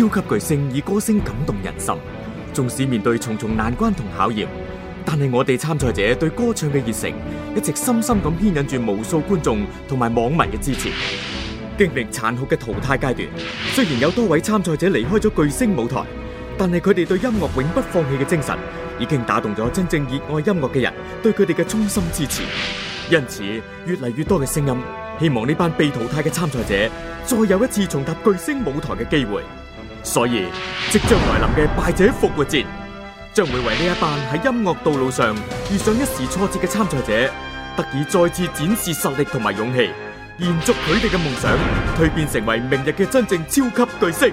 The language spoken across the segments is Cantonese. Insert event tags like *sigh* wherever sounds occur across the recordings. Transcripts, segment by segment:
超級巨星以歌聲感動人心，縱使面對重重難關同考驗，但係我哋參賽者對歌唱嘅熱誠，一直深深咁牽引住無數觀眾同埋網民嘅支持。經歷殘酷嘅淘汰階段，雖然有多位參賽者離開咗巨聲舞台，但係佢哋對音樂永不放棄嘅精神，已經打動咗真正熱愛音樂嘅人對佢哋嘅衷心支持。因此，越嚟越多嘅聲音希望呢班被淘汰嘅參賽者再有一次重踏巨聲舞台嘅機會。所以，即將來臨嘅敗者復活節，將會為呢一班喺音樂道路上遇上一時挫折嘅參賽者，得以再次展示實力同埋勇氣，延續佢哋嘅夢想，蛻變成為明日嘅真正超級巨星。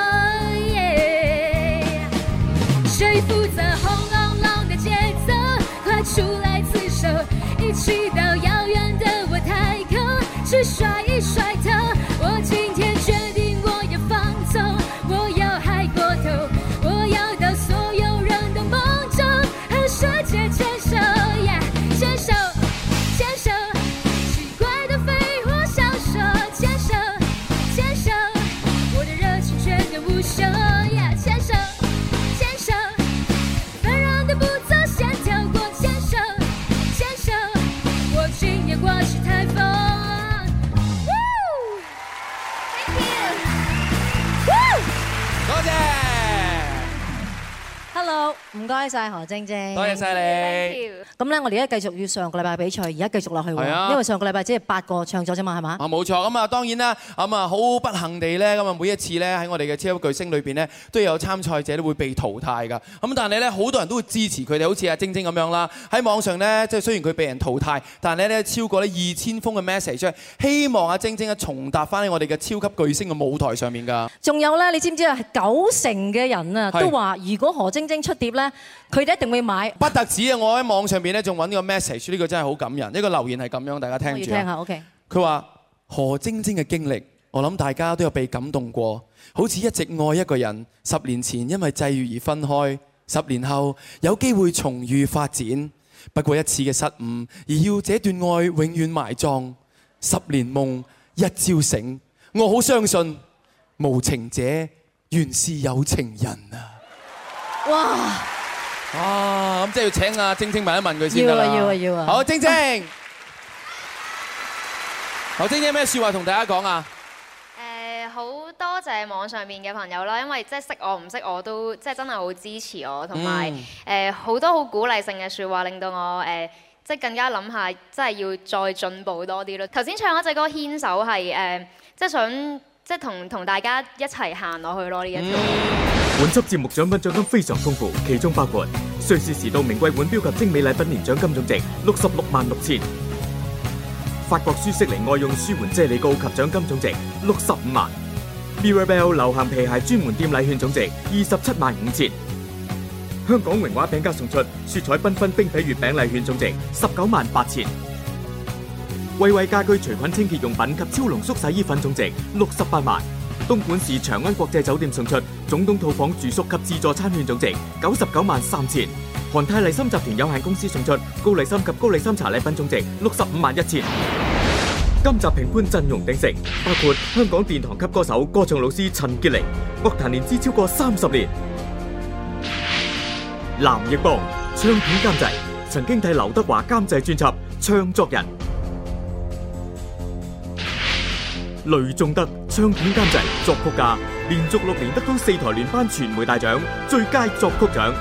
甩一甩頭。好，唔該晒何晶晶，多謝晒你。咁咧，我哋而家繼續要上個禮拜比賽，而家繼續落去。係、yeah. 因為上個禮拜只係八個唱咗啫嘛，係嘛？冇、啊、錯，咁、嗯、啊，當然啦，咁、嗯、啊，好不幸地咧，咁啊，每一次咧喺我哋嘅超級巨星裏邊咧，都有參賽者都會被淘汰㗎。咁、嗯、但係咧，好多人都會支持佢哋，好似阿晶晶咁樣啦。喺網上咧，即係雖然佢被人淘汰，但係咧超過咧二千封嘅 message，希望阿晶晶咧重踏翻我哋嘅超級巨星嘅舞台上面㗎。仲有咧，你知唔知啊？九成嘅人啊都話如果何晶晶出碟呢，佢哋一定會買。不特止啊！我喺網上面咧，仲揾個 message，呢個真係好感人。呢個留言係咁樣，大家聽住。我要聽下，OK。佢話何晶晶嘅經歷，我諗大家都有被感動過。好似一直愛一個人，十年前因為際遇而分開，十年後有機會重遇發展，不過一次嘅失誤，而要這段愛永遠埋葬。十年夢一朝醒，我好相信無情者原是有情人啊！哇！哇、啊！咁即係要請阿、啊、晶晶問一問佢先啦。要啊，要啊，要啊！好，晶晶，嗯、好，晶晶有咩説話同大家講啊？誒、呃，好多謝網上面嘅朋友啦，因為即係識我唔識我都即係真係好支持我，同埋誒好多好鼓勵性嘅説話，令到我誒、呃、即係更加諗下，即係要再進步多啲咯。頭先唱嗰隻歌牽手係誒、呃，即係想即係同同大家一齊行落去咯呢一條。嗯本輯節目獎品獎金非常豐富，其中包括瑞士時度名貴腕錶及精美禮品，年獎金總值六十六萬六千；法國舒適靈外用舒緩啫喱膏及獎金總值六十五萬；Mirabell 流行皮鞋專門店禮券總值二十七萬五千；香港榮華餅家送出雪彩繽紛冰皮月餅禮券總值十九萬八千；惠惠家居除菌清潔用品及超濃縮洗衣粉總值六十八萬。東莞市長安國際酒店送出總統套房住宿及自助餐券總值九十九萬三千；韓泰麗心集團有限公司送出高麗參及高麗參茶禮品總值六十五萬一千。今集評判陣容鼎盛，包括香港殿堂級歌手、歌唱老師陳潔玲，樂壇年資超過三十年；藍奕邦，唱片監製，曾經替劉德華監製專輯，唱作人雷仲德。唱片監製、作曲家，連續六年得到四台聯頒傳媒大獎最佳作曲獎。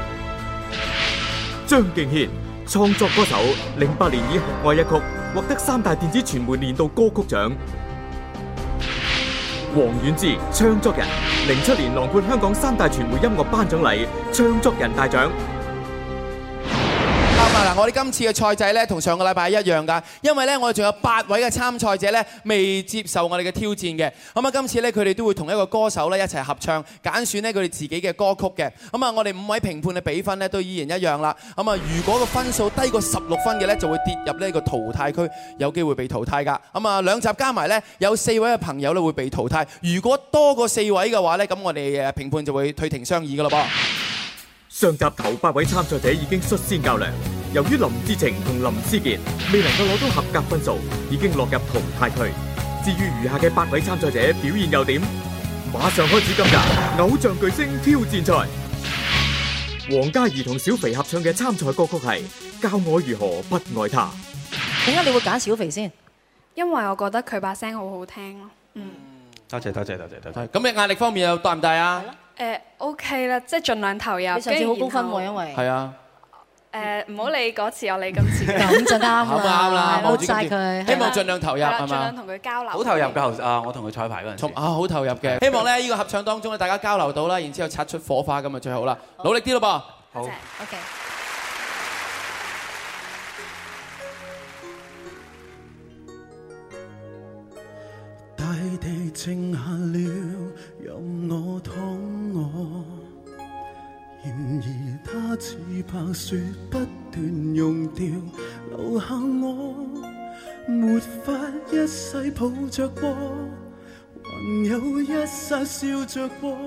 張敬軒創作歌手，零八年以《愛一曲》獲得三大電子傳媒年度歌曲獎。王菀之唱作人，零七年囊括香港三大傳媒音樂頒獎禮唱作人大獎。嗱，我哋今次嘅賽制咧，同上個禮拜一樣㗎，因為咧我哋仲有八位嘅參賽者咧未接受我哋嘅挑戰嘅。咁啊，今次咧佢哋都會同一個歌手咧一齊合唱，揀選咧佢哋自己嘅歌曲嘅。咁啊，我哋五位評判嘅比分咧都依然一樣啦。咁啊，如果個分數低過十六分嘅咧，就會跌入呢個淘汰區，有機會被淘汰㗎。咁啊，兩集加埋咧有四位嘅朋友咧會被淘汰。如果多過四位嘅話咧，咁我哋評判就會退庭商議㗎咯噃。上集頭八位參賽者已經率先較量。由於林志晴同林思傑未能夠攞到合格分數，已經落入淘汰區。至於餘下嘅八位參賽者表現又點？馬上開始今日偶像巨星挑戰賽。王嘉儀同小肥合唱嘅參賽歌曲係《教我如何不愛他》。點解你會揀小肥先？因為我覺得佢把聲好好聽咯。嗯，多謝多謝多謝多謝。咁嘅壓力方面又大唔大啊？誒、呃、OK 啦，即、就、係、是、盡量投入，跟住好高分喎，因為係啊。誒，唔好理嗰次，有你今次咁就啱啦。好啱啦，冇阻曬佢，希望盡量投入係嘛？盡量同佢交流。好投入嘅。啊，我同佢彩排嗰陣，啊，好投入嘅，希望咧呢個合唱當中咧，大家交流到啦，然之後擦出火花咁就最好啦。努力啲咯噃。好。OK。大地靜下了，任我痛。然而他似怕雪不斷溶掉，留下我沒法一世抱着過，還有一剎笑着過，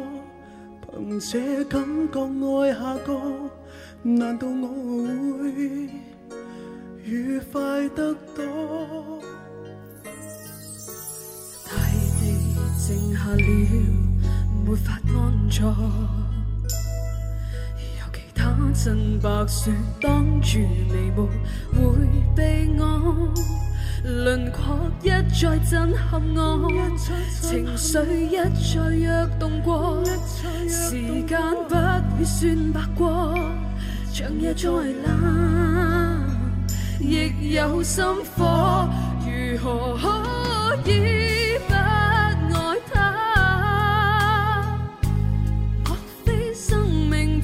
憑這感覺愛下個，難道我會愉快得多？大地靜下了，沒法安坐。他趁白雪擋住眉目，回避我輪廓，一再震撼我，情緒一再躍動過，時間不會算白過，長夜再冷，亦有心火，如何可以不？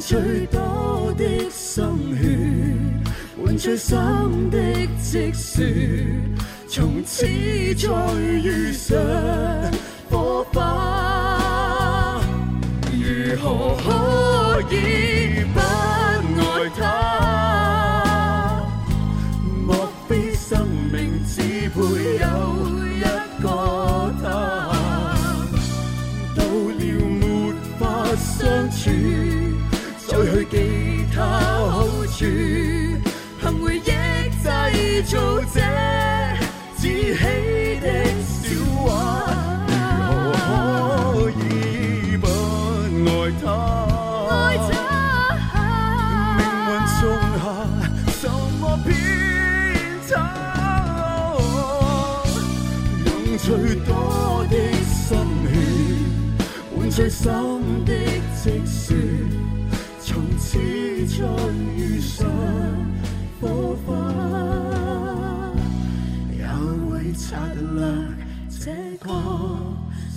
最多的心血，換最深的積雪，從此再遇上火花，如何可以不？做這自欺的笑話，又可以不愛他？愛着下命運種下什麼偏差？用最多的心血，換最深的積雪，從此出。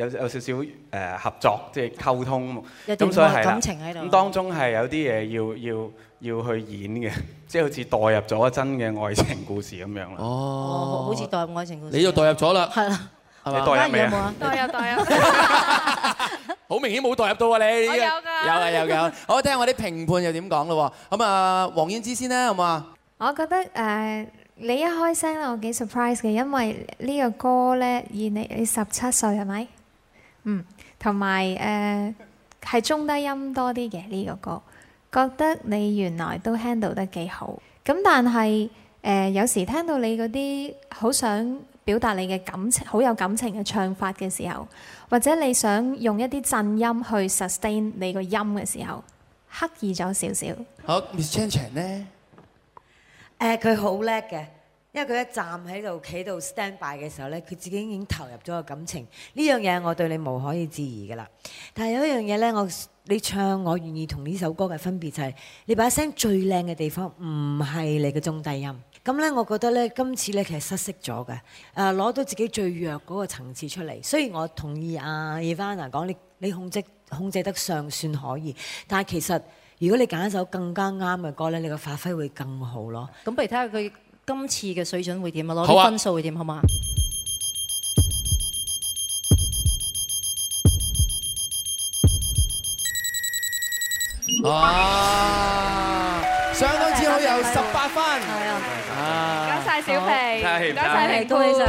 有有少少誒合作，即係溝通咁，所以係感情喺度啦。咁當中係有啲嘢要要要去演嘅，即係好似代入咗真嘅愛情故事咁樣啦。哦，好似代入愛情故事。你就代入咗啦。係啦，你代入未啊？代入代入。好明顯冇代入到啊！你我有㗎，有㗎有㗎。好，聽下我啲評判又點講咯。咁啊，王菀之先啦，好唔好啊？我覺得誒，你一開聲咧，我幾 surprise 嘅，因為呢個歌咧，以你你十七歲係咪？嗯，同埋誒係中低音多啲嘅呢個歌，覺得你原來都 handle 得幾好。咁但係誒、呃、有時聽到你嗰啲好想表達你嘅感情、好有感情嘅唱法嘅時候，或者你想用一啲震音去 sustain 你個音嘅時候，刻意咗少少。好，Miss Chang 呢？佢好叻嘅。因為佢一站喺度，企度 stand by 嘅時候咧，佢自己已經投入咗個感情。呢樣嘢我對你無可以置疑噶啦。但係有一樣嘢咧，我你唱我願意同呢首歌嘅分別就係，你把聲最靚嘅地方唔係你嘅中低音。咁咧，我覺得咧，今次咧其實失色咗嘅。誒，攞到自己最弱嗰個層次出嚟。雖然我同意阿 Yvonne 講，你你控制控制得尚算可以，但係其實如果你揀一首更加啱嘅歌咧，你個發揮會更好咯。咁，不如睇下佢。今次嘅水準會點啊？攞啲分數會點好唔好啊？啊，相當之好，有十八分。啊，唔該晒小皮，多謝皮推。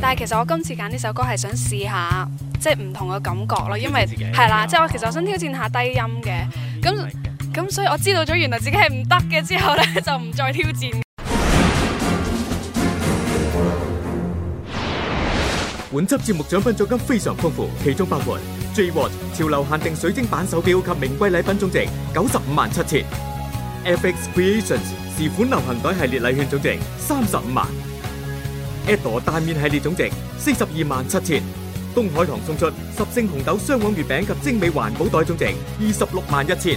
但係其實我今次揀呢首歌係想試下，即係唔同嘅感覺啦。因為係啦，即係我其實我想挑戰下低音嘅。咁咁所以我知道咗原來自己係唔得嘅之後咧，就唔再挑戰。本輯節目獎品獎金非常豐富，其中包括 J Watch 潮流限定水晶版手表及名貴禮品總值九十五萬七千；FX Creations 時款流行袋系列禮券總值三十五萬；Etro 大面系列總值四十二萬七千；東海堂送出十勝紅豆雙黃月餅及精美環保袋總值二十六萬一千；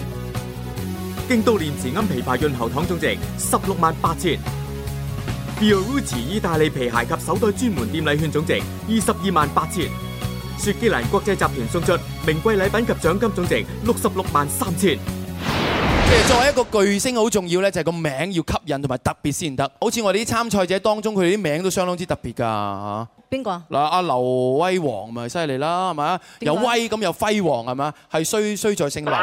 京都念慈菴枇杷牌潤喉糖總值十六萬八千。Borucci 意大利皮鞋及手袋專門店禮券總值二十二萬八千，雪肌蘭國際集團送出名貴禮品及獎金總值六十六萬三千。即係作為一個巨星好重要咧，就係、是、個名要吸引同埋特別先得。好似我哋啲參賽者當中，佢哋啲名都相當之特別㗎嚇。邊個啊？嗱，阿劉威王咪犀利啦，係咪啊？有威咁又輝煌係咪啊？係衰衰在姓劉，劉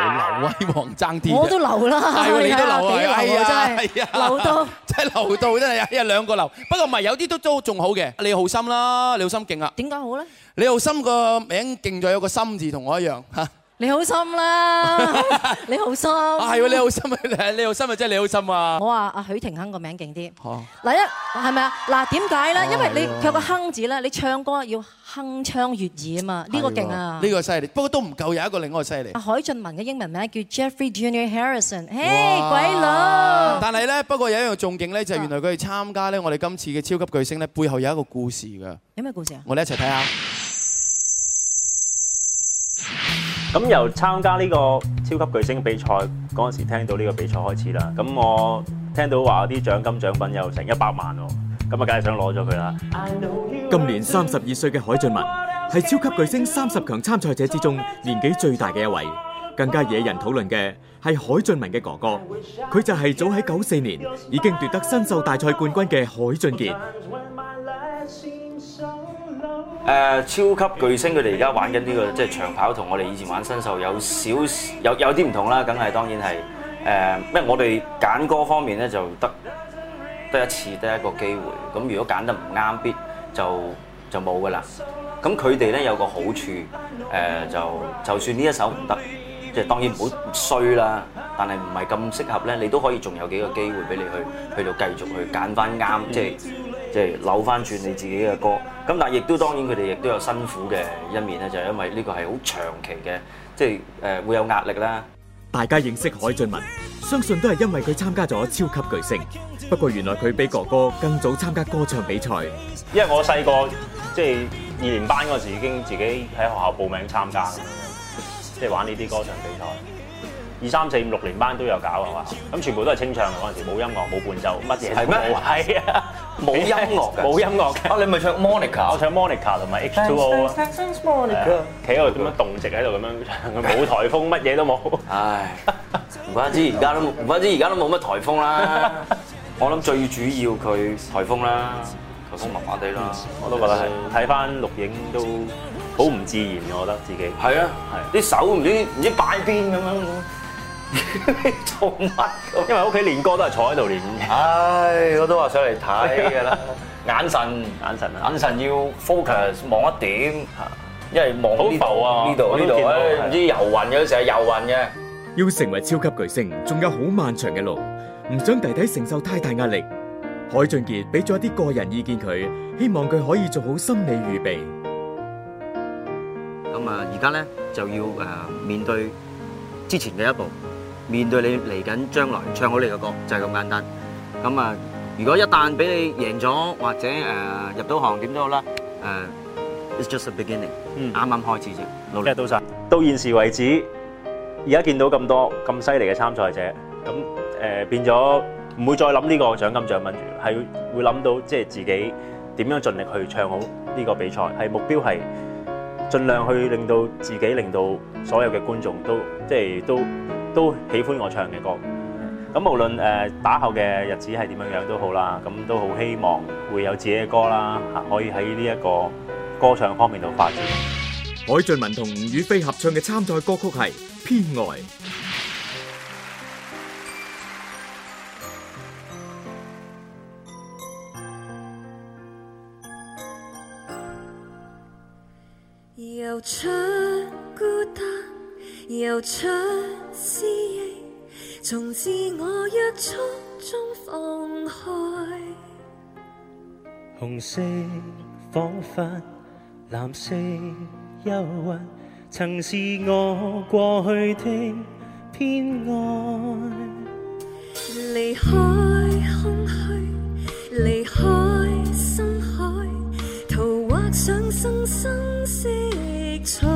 威王爭啲。我都劉啦，係啊，哎、你都劉啊，係啊，劉都即係劉到，哎、真係一兩個劉。不過唔係有啲都都仲好嘅，李浩森啦，李浩森勁啊！點解好咧？李浩森個名勁在有個心字同我一樣哈哈你好心啦， *laughs* 你好心。啊，係你好心，啊！你好心啊，真係、啊、你好心啊！我話、啊、阿許廷鏗個名勁啲。嗱一係咪啊？嗱點解咧？因為你佢有個鏗字咧，你唱歌要鏗鏘悅耳啊嘛，呢、這個勁啊！呢、啊這個犀利，不過都唔夠有一個另外一個犀利。阿海俊文嘅英文名叫 Jeffrey Junior Harrison，嘿鬼佬、啊！但係咧，不過有一樣重點咧，就係原來佢哋參加咧，我哋今次嘅超級巨星咧，背後有一個故事㗎。有咩故事啊？我哋一齊睇下。咁由參加呢個超級巨星比賽嗰陣時，聽到呢個比賽開始啦。咁我聽到話啲獎金獎品有成一百萬喎，咁啊梗係想攞咗佢啦。今年三十二歲嘅海俊文係超級巨星三十強參賽者之中年紀最大嘅一位。更加惹人討論嘅係海俊文嘅哥哥，佢就係早喺九四年已經奪得新秀大賽冠軍嘅海俊傑。誒、uh, 超級巨星佢哋而家玩緊呢、這個即係、就是、長跑，同我哋以前玩新秀有少少有有啲唔同啦，梗係當然係誒，是 uh, 因為我哋揀歌方面咧就得得一次得一個機會，咁如果揀得唔啱，必就就冇噶啦。咁佢哋咧有個好處，誒、uh, 就就算呢一首唔得，即、就、係、是、當然唔好衰啦，但係唔係咁適合咧，你都可以仲有幾個機會俾你去去到繼續去揀翻啱，即、嗯、係。即係扭翻轉你自己嘅歌，咁但係亦都當然佢哋亦都有辛苦嘅一面咧，就係因為呢個係好長期嘅，即係誒會有壓力啦。大家認識海俊文，相信都係因為佢參加咗超級巨星。不過原來佢比哥哥更早參加歌唱比賽，因為我細個即係二年班嗰時已經自己喺學校報名參加，即係玩呢啲歌唱比賽。二三四五六年班都有搞啊嘛，咁全部都係清唱嘅嗰時，冇音樂冇伴奏，乜嘢都冇，係啊，冇音樂，冇、啊、音樂， *laughs* 音樂，冇音樂、啊、你咪唱 Monica，我唱 Monica 同埋 H2O 啊。Sections, sections, Monica。企喺度點樣動靜喺度咁樣唱，冇台風乜嘢都冇。唉，唔怪之而家都冇，唔怪之而家都冇乜台風啦。我 *laughs* 諗最主要佢台風啦，台風麻麻地啦，我都覺得係。睇翻錄影都好唔自然嘅，我覺得自己。係啊，係啲手唔知唔知擺邊咁樣。做乜？因為屋企練歌都係坐喺度練。唉，我都話上嚟睇噶啦。眼神，眼神啊，眼神要 focus 望一點，因為望呢度呢度呢度咧，唔知游雲嘅，有時係游雲嘅。要成為超級巨星，仲有好漫長嘅路，唔想弟弟承受太大壓力。海俊傑俾咗一啲個人意見佢，希望佢可以做好心理預備。咁啊，而家咧就要誒面對之前嘅一步。面對你嚟緊將來唱好你嘅歌就係、是、咁簡單。咁啊，如果一旦俾你贏咗或者誒、呃、入到行點都好啦。誒、呃、，It's just a beginning，啱、嗯、啱開始啫。努力。多謝到曬。到現時為止，而家見到咁多咁犀利嘅參賽者，咁誒、呃、變咗唔會再諗呢、這個獎金獎品，係會諗到即係自己點樣盡力去唱好呢個比賽，係目標係盡量去令到自己，令到所有嘅觀眾都即係都。都喜歡我唱嘅歌，咁無論誒打後嘅日子係點樣樣都好啦，咁都好希望會有自己嘅歌啦，可以喺呢一個歌唱方面度發展。海俊文同吳雨霏合唱嘅參賽歌曲係《偏愛》。思憶從自我約束中放開，紅色彷佛藍色幽魂，曾是我過去的偏愛。離開空虛，離開深海，圖畫上生新色彩。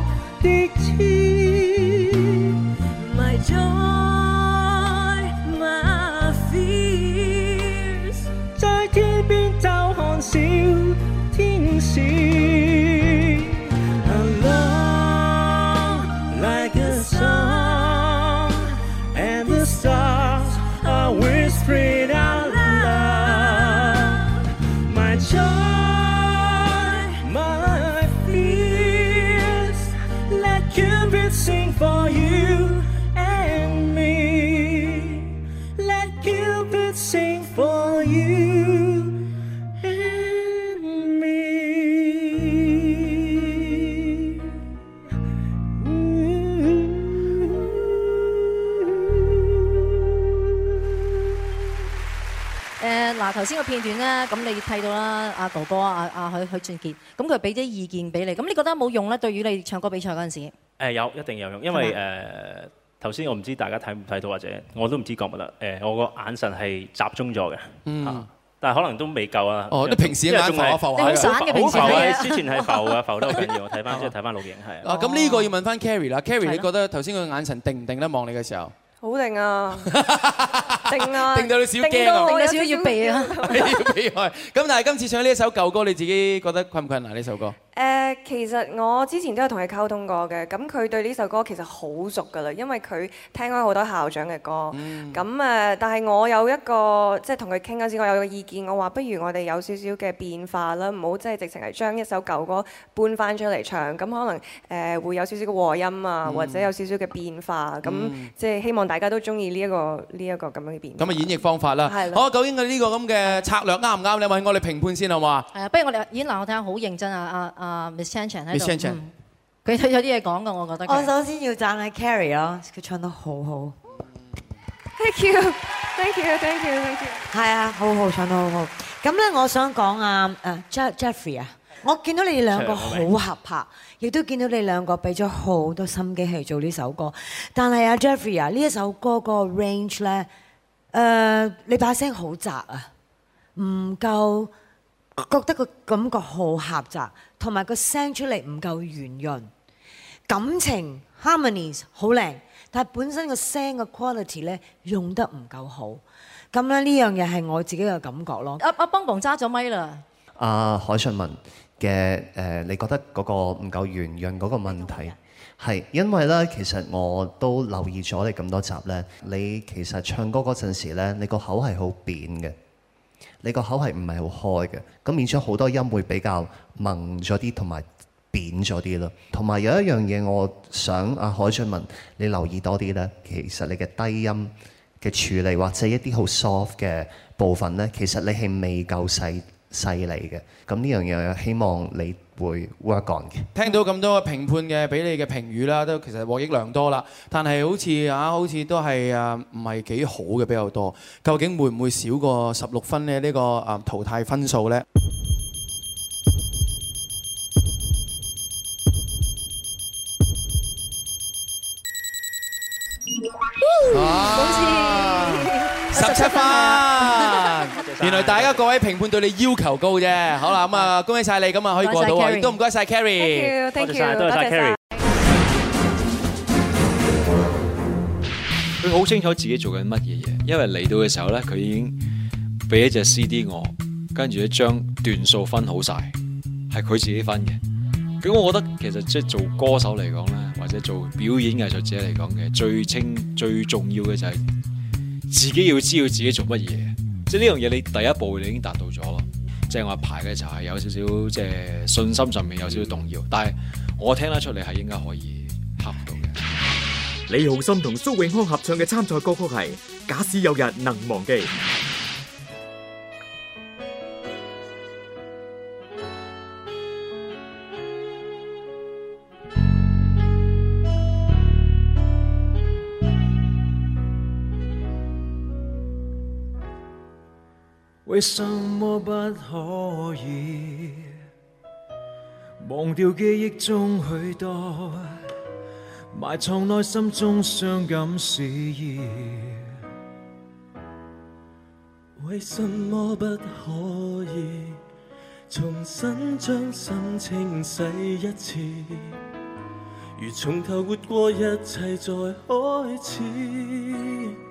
睇到啦，阿哥哥，阿阿許許俊傑，咁佢俾啲意見俾你，咁你覺得冇用咧？對於你唱歌比賽嗰陣時，有，一定有用，因為誒頭先我唔知大家睇唔睇到，或者我都唔知覺唔覺得，誒、呃、我個眼神係集中咗嘅，嗯、但係可能都未夠啊。哦，你平時嘅眼神係散嘅，平時,平時之前係浮啊，浮得好緊要。我睇翻，即係睇翻錄影係。啊，咁呢個要問翻 Carrie 啦，Carrie 你覺得頭先佢眼神是否定唔定咧望你嘅時候，好定啊！ *laughs* 定啊！定到你少驚啊！定到，定到我少到要避啊！要避開。咁但係今次唱呢一首舊歌，你自己覺得困唔困難呢首歌？誒，其實我之前都有同佢溝通過嘅。咁佢對呢首歌其實好熟㗎啦，因為佢聽開好多校長嘅歌。咁誒，但係我有一個即係同佢傾緊先，我有一個意見，我話不如我哋有少少嘅變化啦，唔好即係直情係將一首舊歌搬翻出嚟唱。咁可能誒會有少少嘅和音啊，嗯、或者有少少嘅變化。咁即係希望大家都中意呢一個呢一、呢個咁樣。咁啊演繹方法啦，好，究竟佢呢個咁嘅策略啱唔啱，你問我哋評判先啦，好嘛？係啊，不如我哋演，嗱我睇下好認真啊啊啊，Miss Chan Chan 佢睇咗啲嘢講嘅，我覺得。我首先要讚下 Carrie 咯，佢唱得好，謝謝謝謝謝謝好好。Thank you，thank you，thank you，thank you。係啊，好好唱得好好。咁咧，我想講啊，誒 Jeffrey 啊，我見到你哋兩個好合拍，亦都見到你兩個俾咗好多心機去做呢首歌。但係啊，Jeffrey 啊，呢一首歌個 range 咧。誒、uh，你把聲好雜啊，唔夠，覺得個感覺好狹窄，同埋個聲出嚟唔夠圓潤。感情 harmonies 好靚，但係本身個聲嘅 quality 咧用得唔夠好。咁咧呢樣嘢係我自己嘅感覺咯。阿阿邦邦揸咗麥啦。阿海信文嘅誒，你覺得嗰個唔夠圓潤嗰個問題？嗯，那個係，因為咧，其實我都留意咗你咁多集咧。你其實唱歌嗰陣時咧，你個口係好扁嘅，你個口係唔係好開嘅，咁變咗好多音會比較萌咗啲，同埋扁咗啲咯。同埋有一樣嘢，我想阿海俊文，你留意多啲咧。其實你嘅低音嘅處理，或者一啲好 soft 嘅部分咧，其實你係未夠細細膩嘅。咁呢樣嘢希望你，會 work on 嘅。聽到咁多評判嘅，俾你嘅評語啦，都其實獲益良多啦。但係好似啊，好似都係啊，唔係幾好嘅比較多。究竟會唔會少過十六分嘅呢個啊淘汰分數咧？好似十七分。 *laughs* 原來大家各位評判對你要求高啫，好啦咁、嗯嗯嗯嗯嗯嗯、啊，恭喜晒你咁啊，可以過到啊，亦都唔該晒 Carrie，多謝晒，多謝晒 Carrie。佢好清楚自己做緊乜嘢嘢，因為嚟到嘅時候咧，佢已經俾一隻 CD 我，跟住咧將段數分好晒，係佢自己分嘅。咁我覺得其實即係做歌手嚟講咧，或者做表演藝術者嚟講嘅，最清最重要嘅就係自己要知道自己做乜嘢。即係呢樣嘢，你第一步你已經達到咗咯。即係我話排咧，就係有少少即係信心上面有少少動搖，但係我聽得出你係應該可以克服到嘅。李浩森同蘇永康合唱嘅參賽歌曲係《假使有日能忘記》。為什麼不可以忘掉記憶中許多埋藏內心中傷感事意：「為什麼不可以重新將心清洗一次，如從頭活過一切再開始？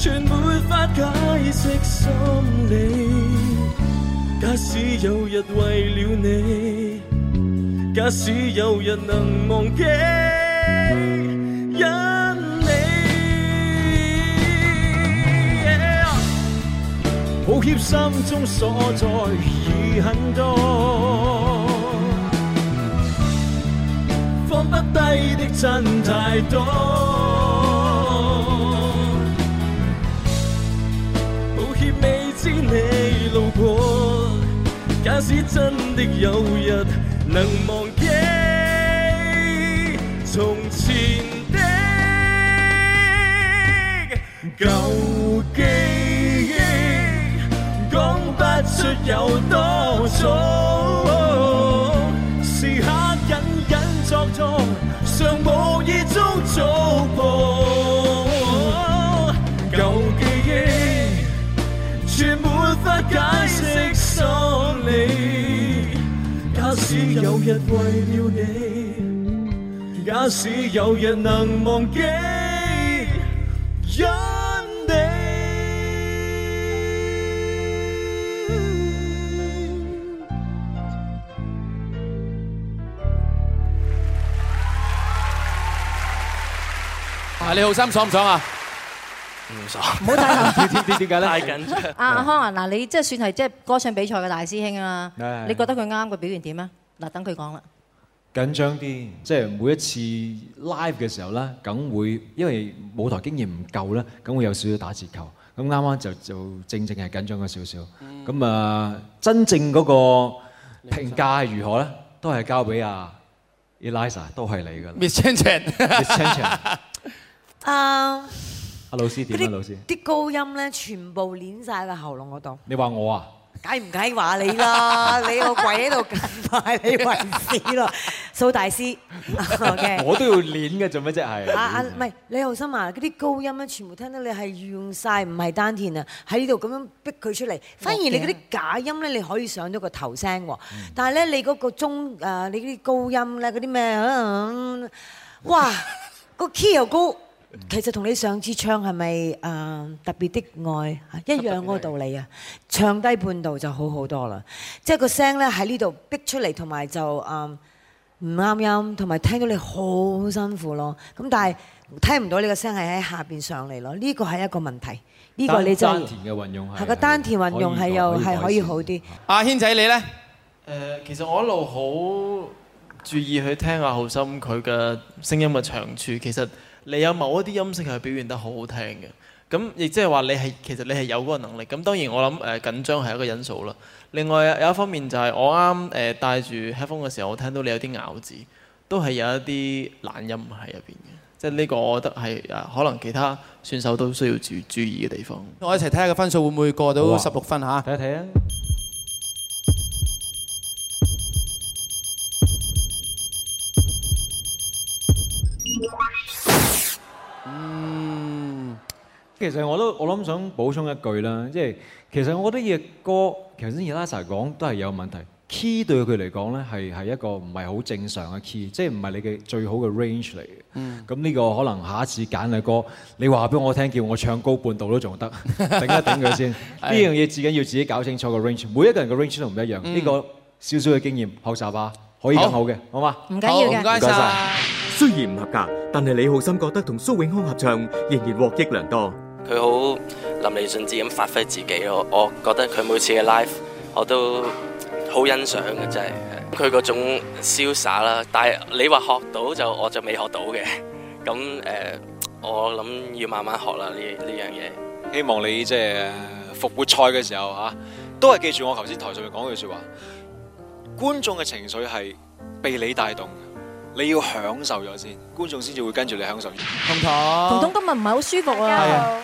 全沒法解釋心理。假使有日為了你，假使有日能忘記，因你抱歉，心中所在已很多，放不低的真太多。知你路過，假使真的有日能忘記從前的舊記憶，講不出有多糟。時刻隱隱作痛，尚無意中錯。有日為了你，假使有日能忘記，因你。啊，你好心爽唔爽啊？唔爽。唔好太緊張。太緊張。阿康啊，嗱，你即係算係即係歌唱比賽嘅大師兄啊？你覺得佢啱個表現點啊？嗱，等佢講啦。緊張啲，即係每一次 live 嘅時候咧，梗會因為舞台經驗唔夠咧，咁會有少少打折扣。咁啱啱就就正正係緊張咗少少。咁、嗯、啊，真正嗰個評價係如何咧？都係交俾啊 Eliza，都係你噶啦。Miss Chanting，Miss Chanting 啊，阿、 *music* *laughs* *laughs* uh, 老師點啊？老師啲高音咧，全部攣曬個喉嚨嗰度。你話我啊？解唔解話你啦？你個鬼喺度近排你為止咯，蘇大師。Okay. 我都要練嘅做咩啫？係啊啊！唔係你好心啊，嗰、啊、啲高音咧全部聽到你係用晒，唔係丹田啊！喺呢度咁樣逼佢出嚟，反而你嗰啲假音咧，你可以上到個頭聲喎。但係咧，你嗰個中啊，你啲高音咧，嗰啲咩啊？哇！個 key 又高。嗯、其實同你上次唱係咪誒特別的愛一樣嗰個道理啊？唱低半度就好好多啦，即係個聲咧喺呢度逼出嚟，同埋就唔啱音，同埋聽到你好辛苦咯。咁但係聽唔到你聲音在、這個聲係喺下邊上嚟咯。呢個係一個問題，呢、這個你就是、丹田嘅運用係個丹田運用係又係可以好啲。阿、啊、軒仔你呢？其實我一路好注意去聽阿浩森佢嘅聲音嘅長處，其實。你有某一啲音色係表現得好好聽嘅，咁亦即係話你係其實你係有嗰個能力。咁當然我諗誒緊張係一個因素啦。另外有一方面就係我啱誒戴住 headphone 嘅時候，我聽到你有啲咬字，都係有一啲懶音喺入邊嘅。即係呢個，我覺得係啊，可能其他選手都需要注注意嘅地方。我一齊睇下個分數會唔會過到十六分嚇？睇一睇啊！看看。嗯，其實我都我諗想補充一句啦，即、就、係、是、其實我覺得嘅歌，其實先以 Larsa 講都係有問題。Key、嗯、對佢嚟講咧係係一個唔係好正常嘅 Key，即係唔係你嘅最好嘅 range 嚟嘅。嗯，咁呢個可能下一次揀嘅歌，你話俾我聽，叫我唱高半度都仲得。等 *laughs* 一等佢先，呢樣嘢至緊要自己搞清楚個 range。每一個人嘅 range 都唔一樣，呢、嗯、個少少嘅經驗，學習下可以更好嘅，好嘛？唔緊要嘅，唔該晒。謝謝謝謝雖然唔合格，但係李浩森覺得同蘇永康合唱仍然獲益良多。佢好淋漓盡致咁發揮自己咯，我覺得佢每次嘅 live 我都好欣賞嘅，真係佢嗰種瀟灑啦。但係你話學到就我就未學到嘅，咁誒，我諗要慢慢學啦呢呢樣嘢。希望你即係復活賽嘅時候啊，都係記住我頭先台上面講嘅說話，觀眾嘅情緒係被你帶動的。你要享受咗先，觀眾先至會跟住你享受。彤彤，彤彤今日唔係好舒服啊。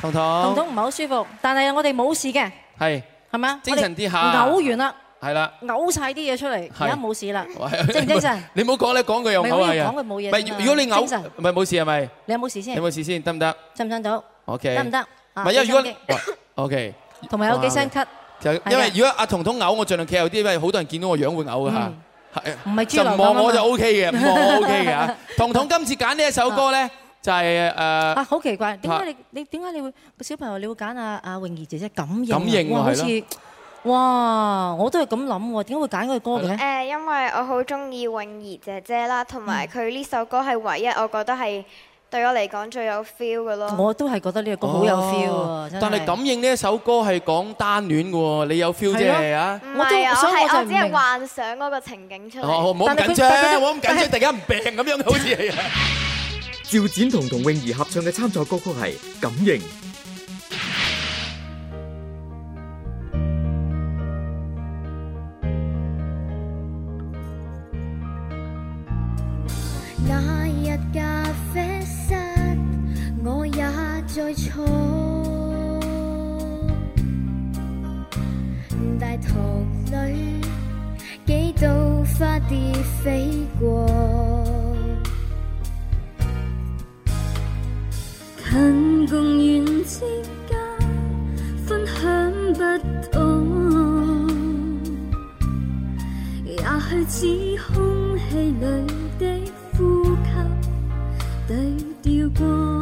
彤彤，彤彤唔係好舒服，但係我哋冇事嘅。係，係咪啊？精神啲下。嘔完啦。係啦。嘔晒啲嘢出嚟，而家冇事啦。精唔精神？你唔好講咧，講句又冇嘢嘅。唔係，如果你嘔，唔係冇事係咪？你有冇事先？有冇事先？得唔得？震唔震到？OK。得唔得？唔係因為如果 OK，同埋有幾聲咳。其實因為如果阿彤彤嘔，我儘量企後啲，因為好多人見到我樣會嘔㗎吓。唔係專門望我就 O K 嘅，唔望我 O K 嘅。彤彤今次揀呢一首歌咧，就係、是、誒。啊，好奇怪，點解你、啊、你點解你會小朋友你會揀阿阿泳兒姐姐感應，感應，哇好似，是哇我都係咁諗喎，點解會揀佢歌嘅？誒，因為我好中意泳兒姐姐啦，同埋佢呢首歌係唯一我覺得係。對我嚟講最有 feel 㗎囉，我都係覺得呢個歌好有 feel。但係《感應》呢一首歌係講單戀嘅喎，你有 feel 啫嚇？我都係，我只係幻想嗰個情景出嚟。但係別人都冇咁緊張，突然間唔病咁樣好似係。趙展彤同泳兒合唱嘅參賽歌曲係《感應》。再坐，大堂裏幾度花蝶飛過，近共遠之間分享不同，也許只空氣裏的呼吸對調過。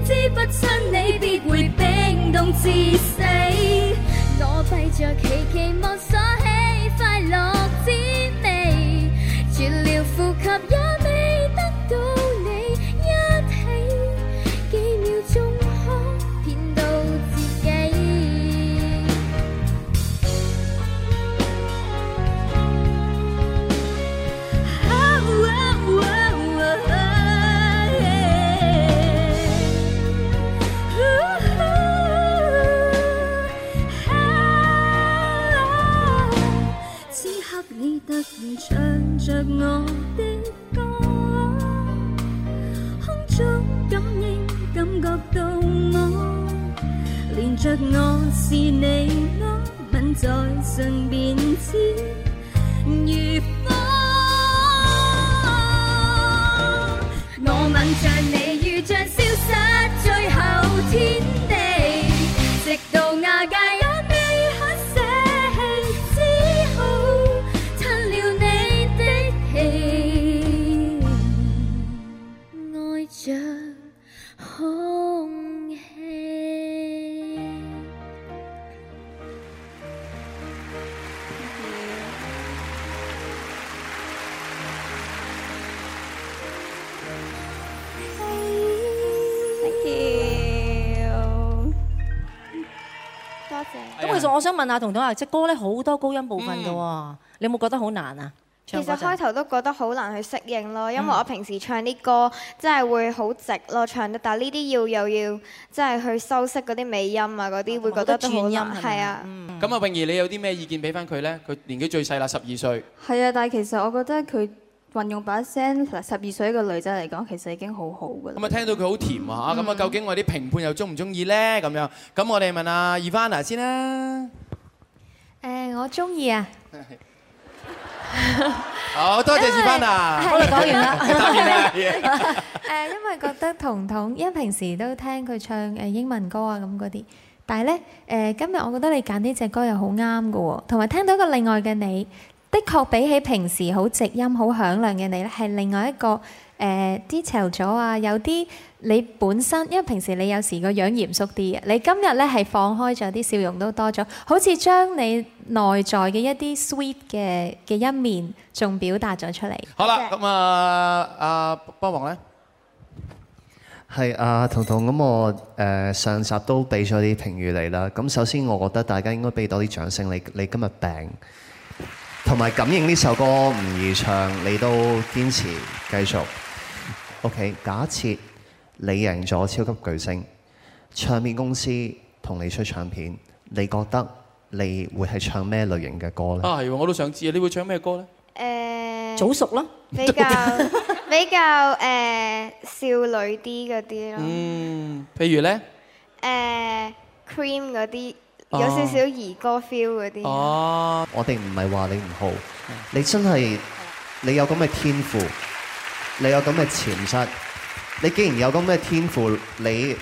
知不親，你必會冰凍至死。問阿彤彤啊，隻歌咧好多高音部分嘅喎，嗯、你有冇覺得好難啊？其實開頭都覺得好難去適應咯，因為我平時唱啲歌真係會好直咯，唱得，但呢啲要又要即係去修飾嗰啲尾音啊嗰啲，會覺得都好、嗯、難。係啊。咁阿泳兒，你有啲咩意見俾翻佢咧？佢年紀最細啦，十二歲。係啊，但係其實我覺得佢。運用把聲，嗱十二歲嘅女仔嚟講，其實已經好好㗎。咁啊，聽到佢好甜喎嚇，咁啊，究竟我啲評判又中唔中意咧？咁樣，咁我哋問阿二番娜先啦。誒，我中意啊。好多謝二番娜，我哋講完啦。誒，因為覺得彤彤，因為平時都聽佢唱誒英文歌啊，咁嗰啲，但係咧，誒今日我覺得你揀呢隻歌又好啱㗎喎，同埋聽到個另外嘅你。的確比起平時好直音、好響亮嘅你咧，係另外一個誒 detail 咗啊！有啲你本身，因為平時你有時個樣嚴肅啲嘅，你今日咧係放開咗，啲笑容都多咗，好似將你內在嘅一啲 sweet 嘅嘅一面，仲表達咗出嚟。好啦，咁啊，阿巴王咧，係阿彤彤。咁我誒上集都俾咗啲評語你啦。咁首先，我覺得大家應該俾多啲掌聲。你你今日病。同埋《感應》呢首歌，唔易唱，你都堅持繼續。OK，假設你贏咗超級巨星唱片公司同你出唱片，你覺得你會係唱咩類型嘅歌呢？啊，係，我都想知啊！你會唱咩歌呢？誒、呃，早熟咯，比較 *laughs* 比較誒、呃、少女啲嗰啲咯。嗯，譬如呢誒、呃、Cream 嗰啲。有少少兒歌 feel 嗰啲。哦，我哋唔係話你唔好，你真係你有咁嘅天賦，你有咁嘅潛質，你既然有咁嘅天賦，你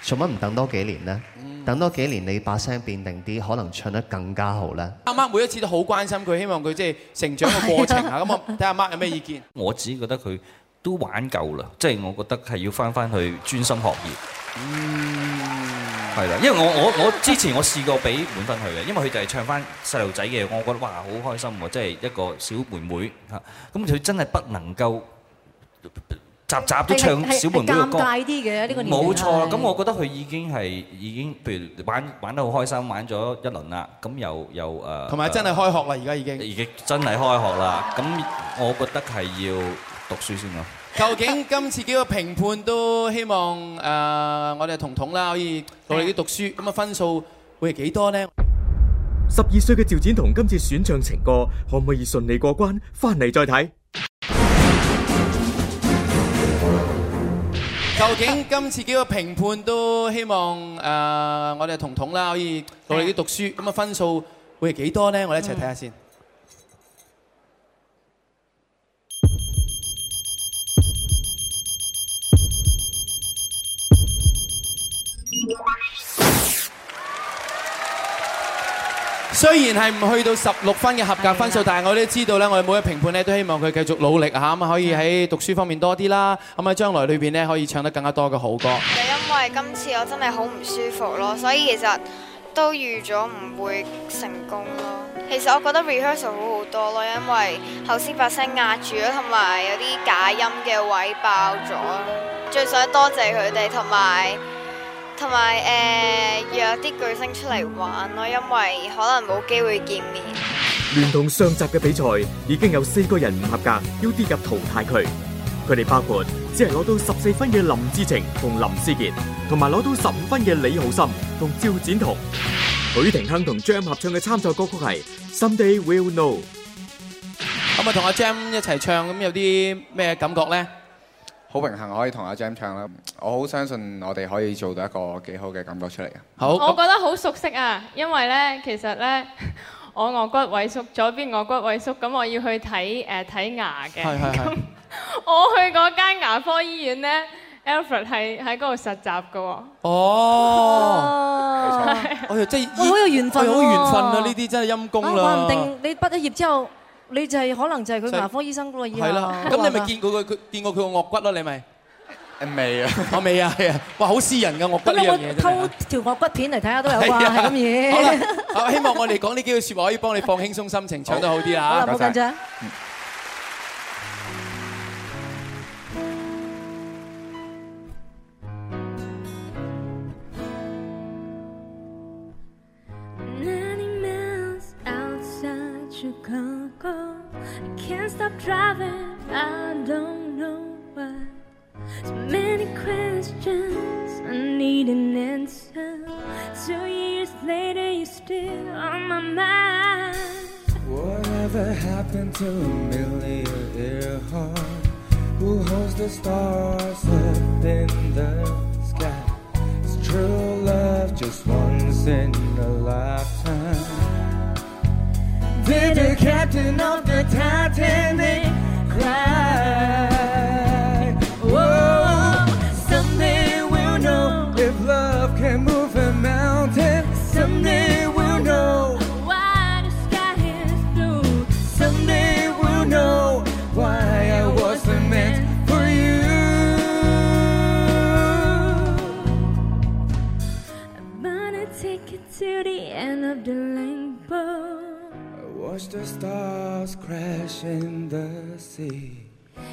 做乜唔等多幾年呢？Mm. 等多幾年，你把聲變定啲，可能唱得更加好咧。阿媽，媽每一次都好關心佢，希望佢即係成長嘅過程啊。咁 *laughs* 我睇阿媽，媽有咩意見？ *laughs* 我自己覺得佢都玩夠啦，即係我覺得係要返返去專心學業。Mm. 係啦，因為我我我之前我試過俾滿分佢嘅，因為佢就係唱翻細路仔嘅，我覺得哇好開心喎，即係一個小妹妹嚇，咁佢真係不能夠集集都唱小妹妹嘅歌。係係係，尷尬啲嘅呢個年齡。冇錯，咁我覺得佢已經係已經，譬如玩玩得好開心，玩咗一輪啦，咁又又誒。同埋真係開學啦，而家已經。而家真係開學啦，咁 *laughs* 我覺得係要讀書先咯。 *laughs* 究竟今次幾個評判都希望誒、呃、我哋彤彤啦，可以努力啲讀書，咁、那、啊、個、分數會係幾多呢？十二歲嘅趙展彤今次選唱情歌，可唔可以順利過關？翻嚟再睇。 *laughs* 究竟今次幾個評判都希望誒、呃、我哋彤彤啦，可以努力啲讀書，咁、那、啊、個、分數會係幾多呢？我哋一齊睇下先。 *laughs* 雖然係唔去到十六分嘅合格分數，但係我都知道呢，我哋每一個評判呢，都希望佢繼續努力吓，咁可以喺讀書方面多啲啦，咁喺將來裏邊呢，可以唱得更加多嘅好歌。就因為今次我真係好唔舒服咯，所以其實都預咗唔會成功咯。其實我覺得 rehearsal 好好多咯，因為頭先把聲壓住咗，同埋有啲假音嘅位爆咗。最想多謝佢哋同埋。同埋誒，約啲巨星出嚟玩咯，因為可能冇機會見面。連同上集嘅比賽，已經有四個人唔合格，要跌入淘汰區。佢哋包括只係攞到十四分嘅林志晴同林思杰，同埋攞到十五分嘅李浩森同趙展彤。許廷鏗同 G.E.M. 合唱嘅參賽歌曲係《Someday We'll Know》。咁啊，同阿 G.E.M. 一齊唱咁，有啲咩感覺咧？好榮幸可以同阿 Gem 唱啦！我好相信我哋可以做到一個幾好嘅感覺出嚟嘅。好，我覺得好熟悉啊，因為咧，其實咧，我牙骨萎縮，左邊牙骨萎縮，咁我要去睇誒睇牙嘅。係係係。咁我去嗰間牙科醫院咧，Alfred 係喺嗰度實習嘅喎。哦，係。哎呀，即係好有緣分啊！呢啲真係陰功啦。話唔定你畢咗業之後。你就係可能就係佢牙科醫生咯，以後咁你咪見佢個佢見過佢個顎骨咯，你咪未啊？我未啊，係啊，哇，好私人嘅顎骨呢樣嘢，偷條顎骨片嚟睇下都有啩咁嘢。好啦，我希望我哋講呢幾句説話可以幫你放輕鬆心情，唱得好啲啦嚇。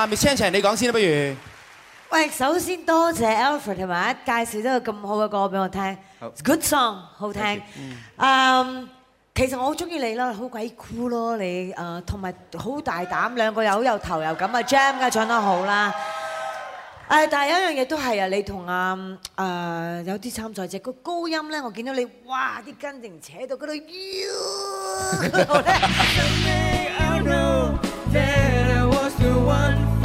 阿 Michelle，你講先啦，不如。喂，首先多謝 Alfred，係咪，介紹咗個咁好嘅歌俾我聽。Good song，好聽。嗯。誒，其實我好中意你咯，好鬼 cool 咯你。誒，同埋好大膽，兩個又好有頭又咁啊 Jam 嘅，唱得好啦。誒，但係有一樣嘢都係啊，你同阿誒有啲參賽者個高音咧，我見到你，哇！啲筋勁扯到嗰度。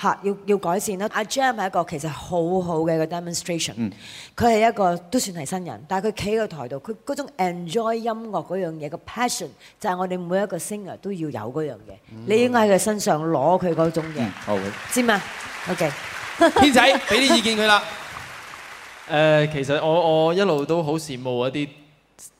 嚇！要要改善啦！阿 Gem 係一個其實好好嘅一個 demonstration，佢係、mm. 一個都算係新人，但係佢企喺個台度，佢嗰種 enjoy 音樂嗰樣嘢、個 passion，就係我哋每一個 singer 都要有嗰樣嘢。Mm. 你應該喺佢身上攞佢嗰種嘢，mm. 知嘛？OK，天仔俾啲意見佢啦。誒、 *laughs* uh,，其實我我一路都好羨慕一啲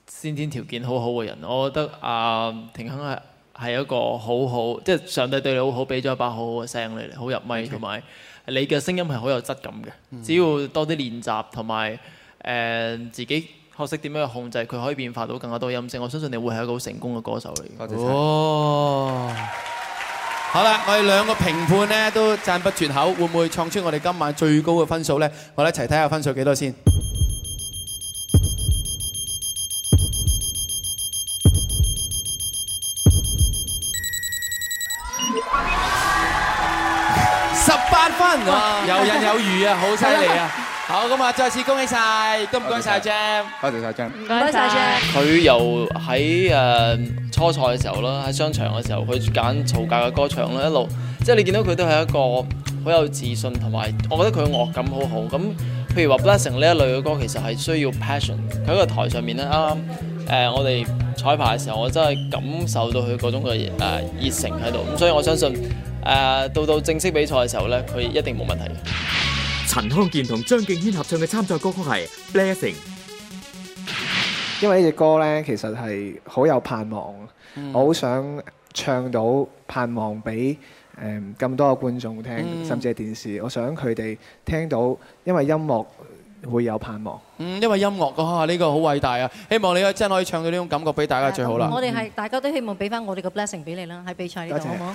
先天條件好好嘅人，我覺得阿廷鏗啊。Uh, 係一個好好，即係上帝對你好好，俾咗一把好好嘅聲你，好入咪，同埋你嘅聲音係好有質感嘅。只要多啲練習同埋、呃、自己學識點樣去控制佢，可以變化到更加多音色。我相信你會係一個好成功嘅歌手嚟嘅。哦，好啦，我哋兩個評判呢都讚不絕口，會唔會創出我哋今晚最高嘅分數呢？我哋一齊睇下分數幾多先。游刃有餘啊，好犀利啊！好，咁啊，再次恭喜晒，多唔多謝 Jam？多謝晒，Jam，唔該晒，Jam。佢由喺初賽嘅時候啦，喺商場嘅時候，佢揀嘈架嘅歌唱啦，一路即係你見到佢都係一個好有自信同埋，我覺得佢嘅樂感好好。咁譬如話 blessing 呢一類嘅歌，其實係需要 passion。佢喺個台上面咧，啱啱，我哋彩排嘅時候，我真係感受到佢嗰種嘅熱情喺度。咁所以我相信。誒到到正式比賽嘅時候咧，佢一定冇問題嘅。陳康健同張敬軒合唱嘅參賽歌曲係《Blessing》，因為呢隻歌咧其實係好有盼望，我好想唱到盼望俾誒咁多嘅觀眾聽，甚至係電視。我想佢哋聽到，因為音樂會有盼望。嗯，因為音樂嘅話呢個好偉大啊！希望你可真係可以唱到呢種感覺俾大家最好啦。我哋係大家都希望俾翻我哋嘅《Blessing》俾你啦，喺比賽呢度好唔好？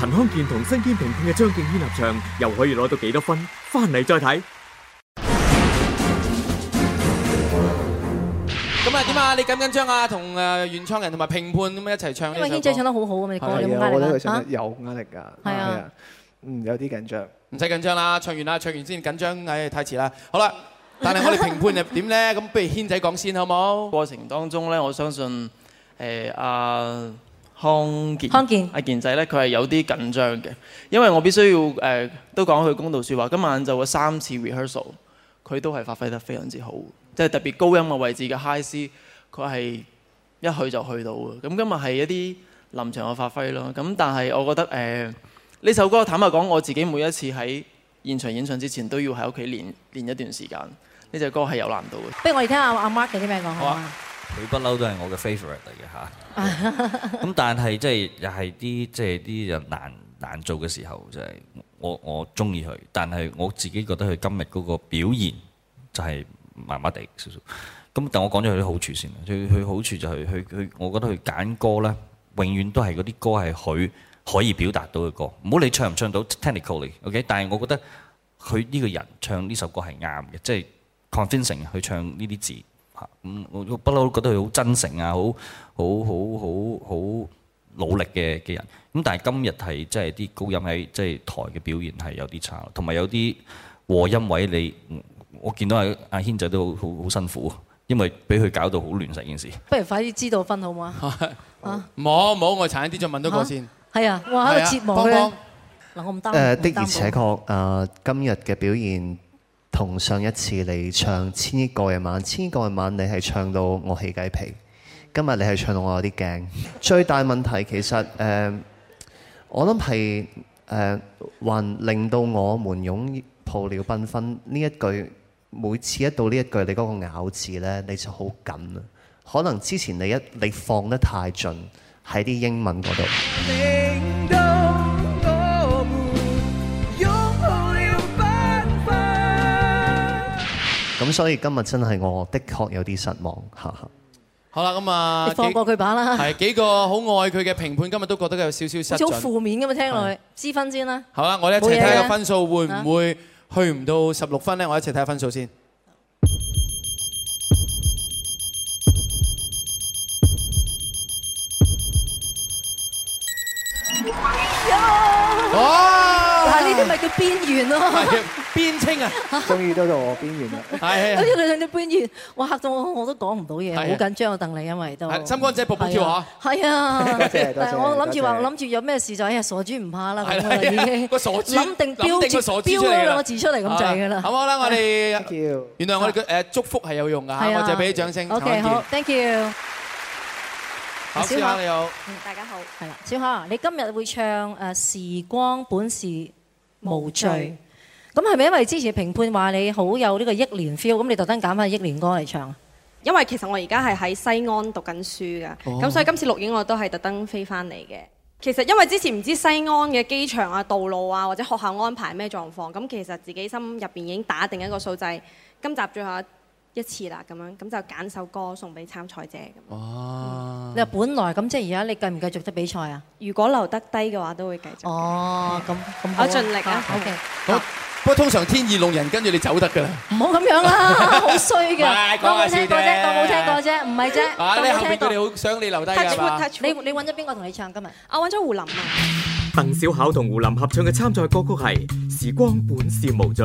陳康健同身兼評判嘅張敬軒合唱，又可以攞到幾多分？翻嚟再睇。咁啊，點啊？你緊唔緊張啊？同誒原唱人同埋評判咁樣一齊唱。因為軒仔唱得好好，我覺得佢唱得有壓力啊，有壓力噶。係啊，嗯，有啲緊張，唔使緊張啦，唱完啦，唱完先緊張，唉、哎，太遲啦。好啦，但係我哋評判又點咧？咁 *laughs* 不如軒仔講先好冇？過程當中咧，我相信誒、哎、啊。康健，阿健、啊、健仔咧，佢係有啲緊張嘅，因為我必須要誒、呃、都講佢公道説話。今晚就三次 rehearsal，佢都係發揮得非常之好，即係特別高音嘅位置嘅 high C，佢係一去就去到嘅。咁今日係一啲臨場嘅發揮咯。咁但係我覺得誒呢、呃、首歌坦白講，我自己每一次喺現場演唱之前都要喺屋企練練一段時間。呢隻歌係有難度嘅。不如我哋聽下阿 Mark 嘅啲咩講好啊？佢不嬲都係我嘅 favourite 嚟嘅嚇，咁、嗯、 *laughs* 但係即係又係啲即係啲人難難做嘅時候，就係、是、我我中意佢，但係我自己覺得佢今日嗰個表現就係麻麻地少少。咁但係我講咗佢啲好處先，佢佢好處就係佢佢，我覺得佢揀歌咧，永遠都係嗰啲歌係佢可以表達到嘅歌，唔好理唱唔唱到 technically OK，但係我覺得佢呢個人唱呢首歌係啱嘅，即係 convincing 佢唱呢啲字。咁我不嬲覺得佢好真誠啊，好好好好好努力嘅嘅人。咁但係今日係即係啲高音喺即係台嘅表現係有啲差，同埋有啲和音位你我見到阿阿軒仔都好好辛苦，因為俾佢搞到好亂成件事。不如快啲知道分好唔好 *laughs* 啊？嚇！冇冇我殘啲再問多個先。係啊，我喺度折磨咧。嗱、啊，我唔擔唔擔保。的而且確誒、呃、今日嘅表現。同上一次你唱千億個夜晚，千億個夜晚你係唱到我起雞皮。今日你係唱到我有啲驚。 *laughs* 最大問題其實誒、呃，我諗係誒，還、呃、令到我們擁抱了繽紛呢一句。每次一到呢一句你嗰個咬字呢，你就好緊啦。可能之前你一你放得太盡喺啲英文嗰度。咁所以今日真係我的確有啲失望嚇。 *laughs* 好啦，咁啊，你放過佢把啦。係幾個好愛佢嘅評判，今日都覺得佢有少少失準。好負面咁嘛？聽落去，知分先啦。好啦，我哋一齊睇下分數會唔會去唔到十六分呢？我一齊睇下分數先。Yeah! 咪叫邊緣咯、啊，邊 *laughs* 稱啊！終於都到我邊緣啦。嗰啲兩隻邊緣，哇嚇到我，我都講唔到嘢，好緊張啊！鄧麗因為都。心肝仔，卜卜跳啊！係 *laughs* 啊、 *laughs* 哎 *laughs* *laughs* *laughs* 嗯！我諗住話，我諗住有咩事就誒傻豬唔怕啦。係啦，已經。個傻豬諗定個傻字出嚟咁滯㗎啦。好唔好啦？我哋原來我哋誒祝福係有用㗎嚇， *laughs* 我哋俾啲掌聲。 *laughs* OK，好，Thank you。小巧你好，嗯，大家好。係啦，小巧，你今日會唱《時光本是》無罪，咁係咪因為之前評判話你好有呢個憶蓮 feel，咁你特登揀翻憶蓮歌嚟唱？因為其實我而家係喺西安讀緊書㗎，咁、哦、所以今次錄影我都係特登飛翻嚟嘅。其實因為之前唔知西安嘅機場啊、道路啊或者學校安排咩狀況，咁其實自己心入邊已經打定一個數字，今集最後。一次啦，咁樣咁就揀首歌送俾參賽者咁、嗯。你話本來咁即係而家你繼唔繼續得比賽啊？如果留得低嘅話，都會繼續。哦、啊，咁咁、嗯嗯、好、啊，盡力啊。啊、o、okay, K。好，不過通常天意弄人，跟住你走得㗎啦。唔好咁樣啦，好衰㗎我冇下先啫，我冇、 *laughs* 那個、聽過啫，唔係啫。啊，你後邊你好想你留低㗎你你揾咗邊個同你唱今日？我揾咗胡琳啊。鄧小巧同胡琳合唱嘅參賽歌曲係《時光本是無罪》。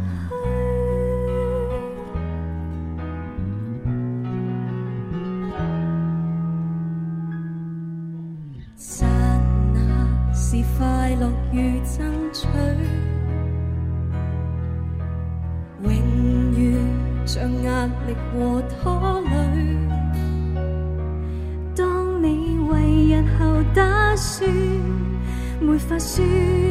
樂於爭取，永遠像壓力和拖累。當你為日後打算，沒法說。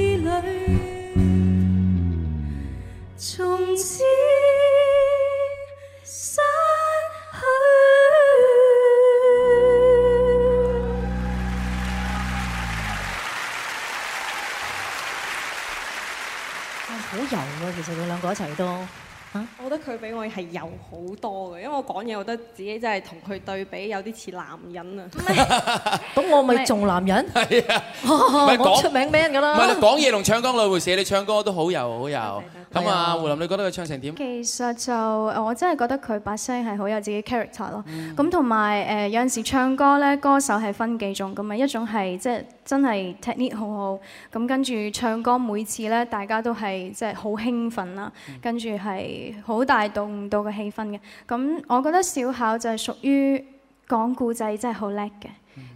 一齊多嚇，我覺得佢比我係柔好多嘅，因為我講嘢，我覺得自己真係同佢對比有啲似男人啊。咁我咪仲男人？係啊，唔係講出名比人 man 嘅啦。唔係，你講嘢同唱歌兩回事，你唱歌都好柔，好柔。咁啊，胡琳，你覺得佢唱成點？其實就我真係覺得佢把聲係好有自己 character 咯。咁同埋誒有陣、呃、時候唱歌咧，歌手係分幾種咁啊，一種係即係真係 technique 好好，咁跟住唱歌每次咧，大家都係即係好興奮啦，跟住係好帶動到個氣氛嘅。咁我覺得小巧就係屬於。講故仔真係好叻嘅，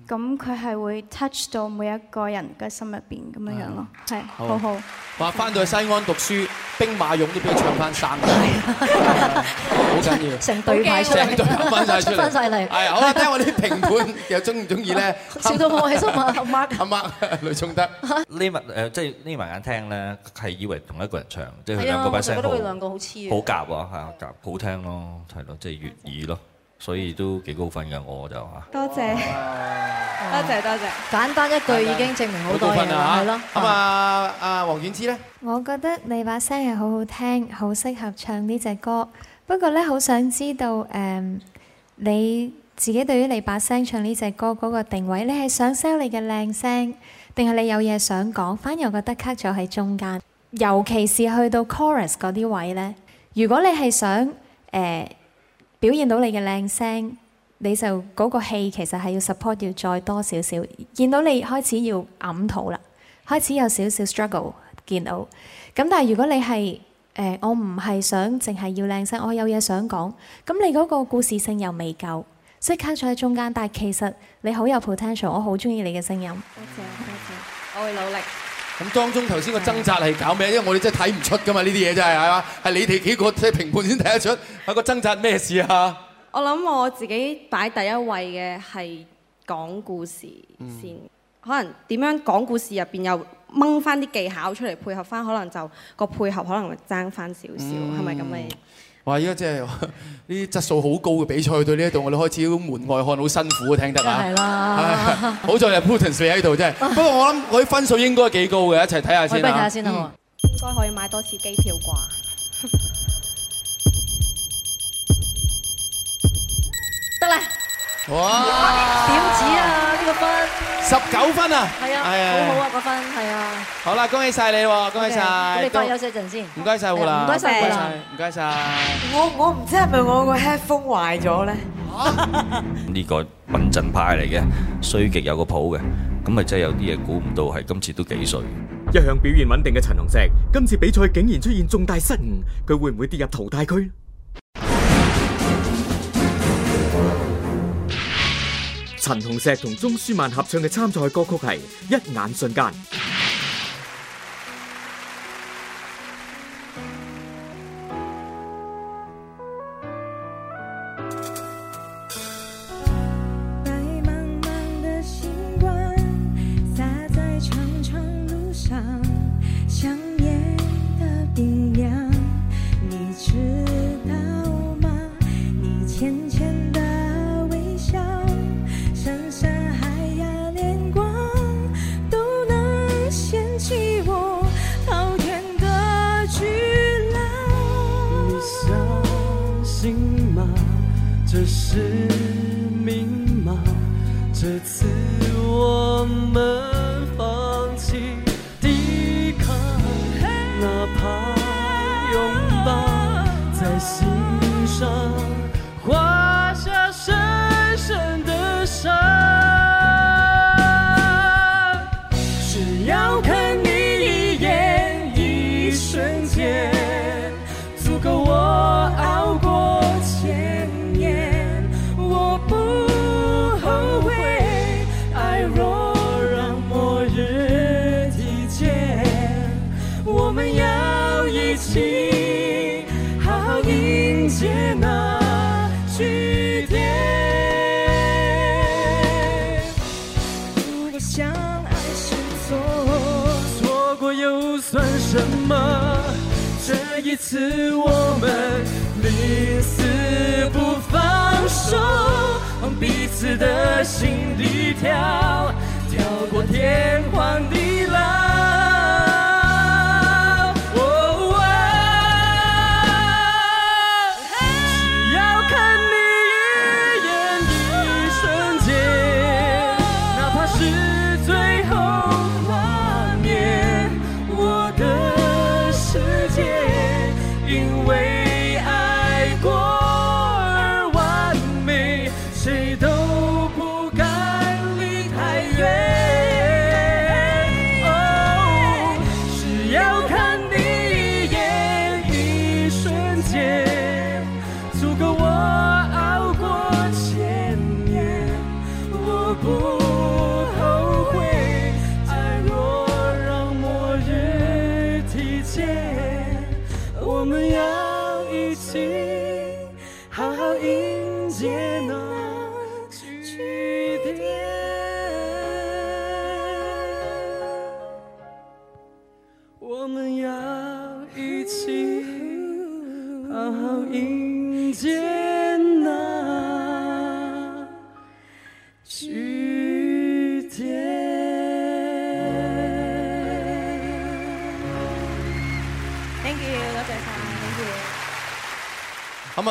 咁佢係會 touch 到每一個人嘅心入邊咁樣樣咯，係、嗯、好好。話翻到去西安讀書，兵馬俑都俾佢唱翻生，好緊、啊、 *laughs* 要，成隊派出嚟，出翻曬嚟。係好啦，聽我啲評判 *laughs* 又中唔中意咧？笑到我係阿媽，阿 *laughs* 媽 Mark，女 *laughs* 聰德。匿埋誒，即係匿埋眼聽咧，係以為同一個人唱，即係兩,兩個聲部。好夾啊，係啊，夾好聽咯，係咯，即係粵語咯。嗯所以都幾高分㗎，我就嚇。多謝，多謝多謝。簡單一句已經證明好多分，係咯。咁啊，阿黃婉芝咧，我覺得你把聲係好好聽，好適合唱呢隻歌。不過咧，好想知道誒，你自己對於你把聲唱呢隻歌嗰個定位，你係想 sell 你嘅靚聲，定係你有嘢想講？反而我覺得卡咗喺中間，尤其是去到 chorus 嗰啲位咧，如果你係想誒。表現到你嘅靚聲，你就嗰個氣其實係要 support，要再多少少。見到你開始要揞肚啦，開始有少少 struggle。見到，咁但係如果你係誒，我唔係想淨係要靚聲，我有嘢想講。咁你嗰個故事性又未夠，即刻坐喺中間。但係其實你好有 potential，我好鍾意你嘅聲音。多謝，多謝。我會努力。咁當中頭先個，嗰個掙扎係搞咩？因為我哋真係睇唔出噶嘛，呢啲嘢真係係嘛，係你哋幾個即係評判先睇得出，個掙扎咩事啊？我諗我自己擺第一位嘅係講故事先，嗯、可能點樣講故事入邊又掹翻啲技巧出嚟配合翻，可能就個配合可能會爭翻少少，係咪咁嘅？你哇！依家真係呢啲質素好高嘅比賽，對呢一度我哋開始門外漢，好辛苦啊！聽得啊，係啦 *laughs* 好在有 Putins 喺度，啫。 *laughs* 不過我諗我啲分數應該幾高嘅，一齊睇下先啊。睇下先啊，應該可以買多次機票啩？得啦。哇！點止啊？呢個分十九分啊！係啊，好好啊，個分係啊！好啦，恭喜曬你喎！恭喜曬！你再休息陣先。唔該曬啦！唔該曬！唔該曬！我我唔知係咪我個 headphone 壞咗咧？呢個穩陣派嚟嘅，衰極有個譜嘅，咁咪真係有啲嘢估唔到，係今次都幾衰。一向表現穩定嘅陳鴻碩，今次比賽竟然出現重大失誤，佢會唔會跌入淘汰區？陳鴻碩同鍾舒漫合唱嘅參賽歌曲係《一眼瞬間》。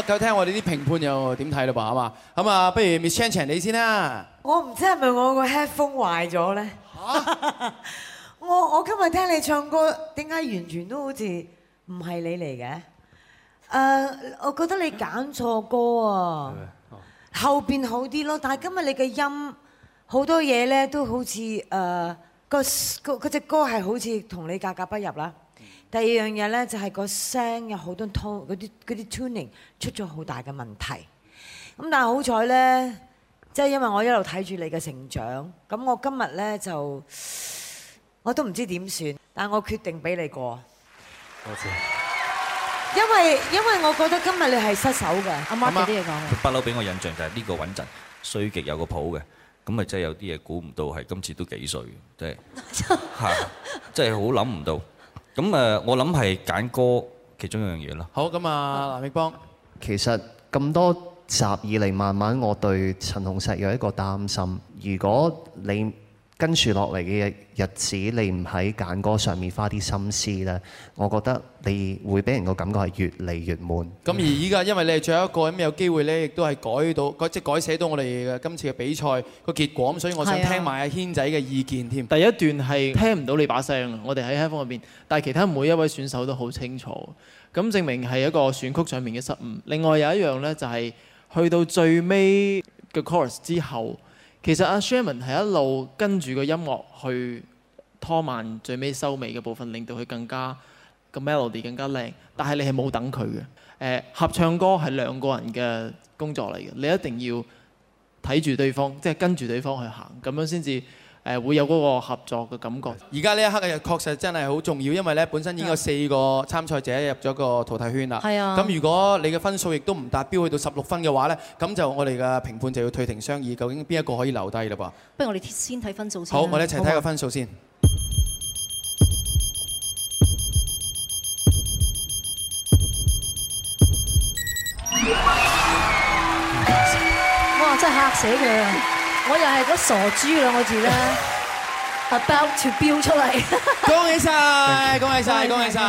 夠聽，聽我哋啲評判又點睇嘞吧？好嘛，咁啊，不如 Michelle 你先啦。我唔知係咪我個 headphone 壞咗咧。我我今日聽你唱歌，點解完全都好似唔係你嚟嘅？誒、uh,，我覺得你揀錯歌啊，後邊好啲咯，但係今日你嘅音好多嘢咧，都好似誒、uh, 嗰個、嗰隻歌係好似同你格格不入啦。第二樣嘢咧，就係個聲有好多 tone，嗰啲嗰啲 tuning 出咗好大嘅問題。咁但係好彩咧，即係因為我一路睇住你嘅成長，咁我今日咧就我都唔知點算，但我決定俾你過。多謝。因為因為我覺得今日你係失手嘅，阿媽有啲嘢講。不嬲俾我印象就係呢個穩陣，衰極有個譜嘅。咁咪即係有啲嘢估唔到，係今次都幾歲，即係嚇，即係好諗唔到。咁我諗係揀歌其中一樣嘢咯。好，咁阿藍奕邦，其實咁多集以嚟，慢慢我對陳鴻碩有一個擔心。如果你跟住落嚟嘅日子，你唔喺揀歌上面花啲心思咧，我覺得你會俾人個感覺係越嚟越悶。咁而依家，因為你係最後一個咁有機會咧，亦都係改到改即改寫到我哋嘅今次嘅比賽個結果，咁所以我想聽埋阿軒仔嘅意見添。第一段係聽唔到你把聲，我哋喺 headphone 入邊，但係其他每一位選手都好清楚，咁證明係一個選曲上面嘅失誤。另外有一樣咧，就係去到最尾嘅 chorus 之後。其實阿 Sherman 係一路跟住個音樂去拖慢最尾收尾嘅部分，令到佢更加個 melody 更加靚。但係你係冇等佢嘅。呃，合唱歌係兩個人嘅工作嚟嘅，你一定要睇住對方，即係跟住對方去行，咁樣先至。誒會有嗰個合作嘅感覺。而家呢一刻嘅又確實真係好重要，因為咧本身已經有四個參賽者入咗個淘汰圈啦。係啊。咁如果你嘅分數亦都唔達標，去到十六分嘅話咧，咁就我哋嘅評判就要退庭商議，究竟邊一個可以留低嘞噃？不如我哋先睇分，分數先。好，我哋一齊睇個分數先。哇！真係嚇死佢啊！我又係傻豬兩個字啦！我而家 *laughs* about to 出 build 嚟。 *laughs* 恭喜晒！Bye. 恭喜晒！恭喜晒！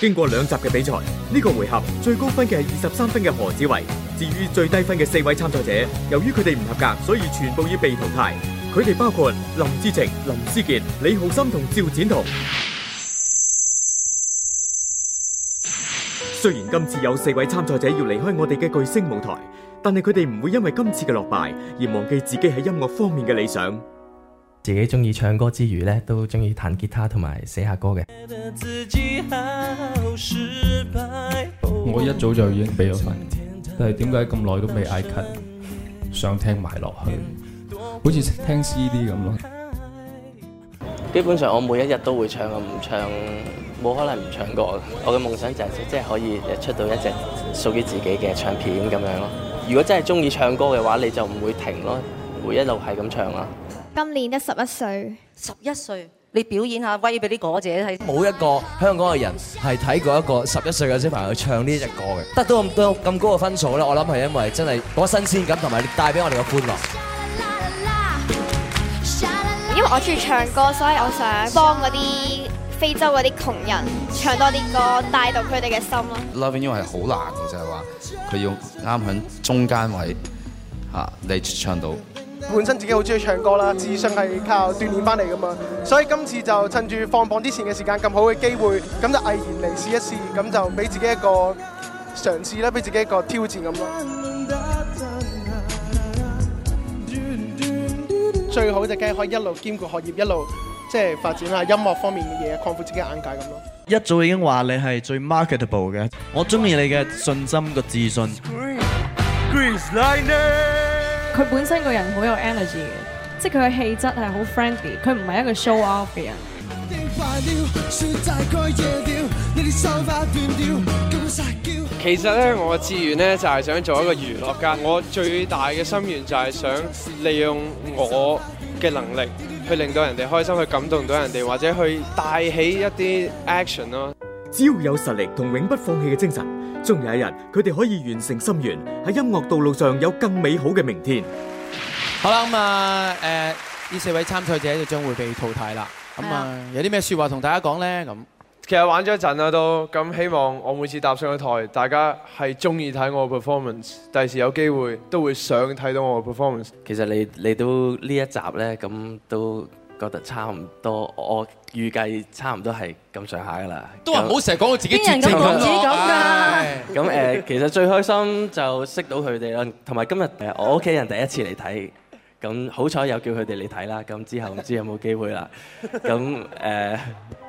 經過兩集嘅比賽，呢、這個回合最高分嘅係二十三分嘅何子維。至於最低分嘅四位參賽者，由於佢哋唔合格，所以全部要被淘汰。佢哋包括林志晴、林思杰、李浩森同趙展彤。 *laughs* 雖然今次有四位參賽者要離開我哋嘅巨星舞台。但係佢哋唔會因為今次嘅落敗而忘記自己喺音樂方面嘅理想。自己中意唱歌之餘咧，都中意彈吉他同埋寫下歌嘅 *music* 我一早就已經俾咗份，但係點解咁耐都未挨 cut？想聽埋落去，好似聽 C D 咁咯。基本上我每一日都會唱，唔唱冇可能唔唱歌嘅。我嘅夢想就係、是、即係可以出到一隻屬於自己嘅唱片咁樣咯。如果真係中意唱歌嘅話，你就唔會停咯，會一路係咁唱啊！今年得十一歲，十一歲，你表演下威俾啲果姐睇。冇一個香港嘅人係睇過一個十一歲嘅小朋友唱呢隻歌嘅，得到咁多咁高嘅分數咧，我諗係因為真係嗰個新鮮感同埋帶俾我哋嘅歡樂。因為我中意唱歌，所以我想幫嗰啲。非洲嗰啲窮人唱多啲歌，帶動佢哋嘅心咯。Loving you 係好難，其實係話佢要啱喺中間位嚇、啊，你唱到。本身自己好中意唱歌啦，自信係靠鍛鍊翻嚟噶嘛，所以今次就趁住放榜之前嘅時間，咁好嘅機會，咁就毅然嚟試一試，咁就俾自己一個嘗試啦，俾自己一個挑戰咁咯。最好就梗係可以一路兼顧學業一路。即係發展下音樂方面嘅嘢，擴闊自己的眼界咁咯。一早已經話你係最 marketable 嘅，我中意你嘅信心同自信。g r e e Lightning，佢本身個人好有 energy 嘅，即係佢嘅氣質係好 friendly，佢唔係一個 show off 嘅人。其實咧，我嘅志願咧就係想做一個娛樂家，我最大嘅心願就係想利用我嘅能力。去令到人哋開心，去感動到人哋，或者去帶起一啲 action 咯。只要有實力同永不放棄嘅精神，終有一日佢哋可以完成心願，喺音樂道路上有更美好嘅明天。好啦，咁啊，誒，呢四位參賽者就將會被淘汰啦。咁啊，有啲咩說話同大家講呢？咁。其實玩咗一陣啦，都咁希望我每次搭上個台，大家係中意睇我嘅 performance，第時有機會都會想睇到我嘅 performance。其實你你都呢一集呢，咁都覺得差唔多，我預計差唔多係咁上下噶啦。都話唔好成日講我自己絕情咁，啲人咁咁誒，其實最開心就識到佢哋啦，同埋今日我屋企人第一次嚟睇，咁好彩有叫佢哋嚟睇啦，咁之後唔知有冇機會啦。咁誒。 *laughs*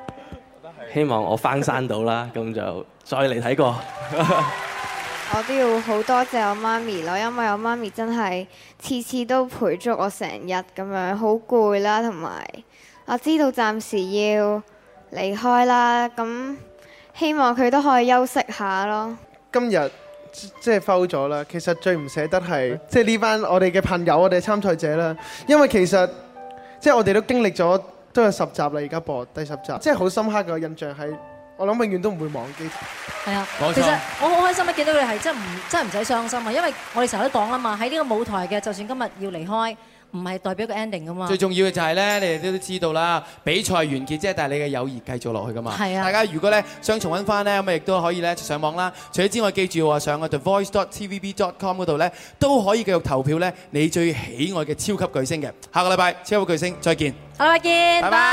希望我翻山到啦，咁就再嚟睇過。 *laughs* 我都要好多謝我媽咪咯，因為我媽咪真係次次都陪足我成日咁樣，好攰啦，同埋我知道暫時要離開啦，咁希望佢都可以休息下咯。今日即係 out 咗啦，其實最唔捨得係即係呢班我哋嘅朋友，我哋參賽者啦，因為其實即係、即係、我哋都經歷咗。都有十集啦，而家播第十集，即係好深刻嘅印象係我諗，永遠都唔會忘記。係啊，其實我好開心咧，見到你係真係唔真係唔使傷心啊，因為我哋成日都講啊嘛，喺呢個舞台嘅，就算今日要離開，唔係代表個 ending 噶嘛。最重要嘅就係咧，你哋都知道啦，比賽完結啫，但係你嘅友誼繼續落去噶嘛。係啊，大家如果咧想重溫翻咧，咁啊亦都可以咧上網啦。除咗之外，記住話上我哋 Voice TVB dot com 嗰度咧，都可以繼續投票咧，你最喜愛嘅超級巨星嘅。下個禮拜，超級巨星，再見。拜拜見，拜拜。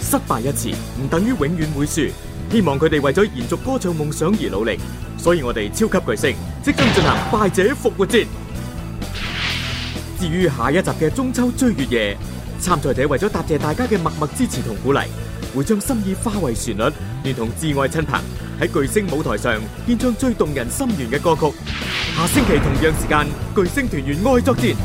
失敗一次唔等於永遠會輸，希望佢哋為咗延續歌唱夢想而努力。所以我哋超級巨星即將進行敗者復活戰。至於下一集嘅中秋追月夜，參賽者為咗答謝大家嘅默默支持同鼓勵，會將心意化為旋律，連同摯愛親朋喺巨星舞台上，獻唱最動人心弦嘅歌曲。下星期同樣時間，巨星團圓愛作戰。